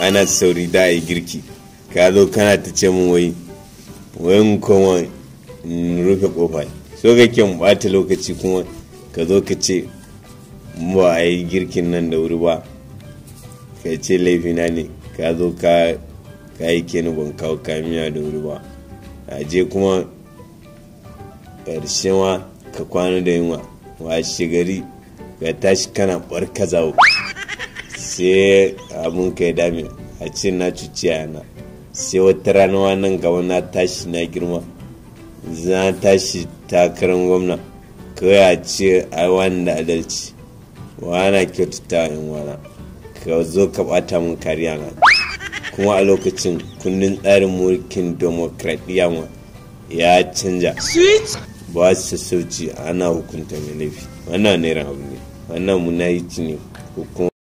ana sauri da a yi girki ka zo kana ta ce min wai wayan kuma in rufe kofa so ga mu bata lokaci kuma ka zo ka ce ba a yi girkin nan da wuri ba ka ce laifina ne ka zo ka ka yi kenan ban kawo kamiya da wuri ba a je kuma ƙarshen wa ka kwana da yunwa wa shigari ka tashi kana barka zawo sai abun kai dami a ce na cuci yana sai wata rana wannan gaba na tashi na girma za tashi takarar gwamna kawai a ce a wanda adalci wana kyautata in wana ka zo ka bata mun kariya na kuma a lokacin kundin tsarin mulkin demokradiyya ma ya canja ba su sauci ana hukunta mai laifi wannan ne abu ne wannan yi ne hukuma